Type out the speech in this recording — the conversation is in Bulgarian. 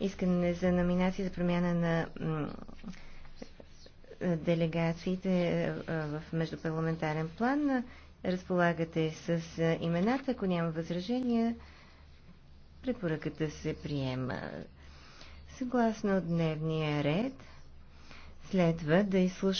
искане за номинации за промяна на делегациите е, е, в междупарламентарен план. Разполагате с е, имената. Ако няма възражения, препоръката се приема. Съгласно дневния ред, следва да изслушаме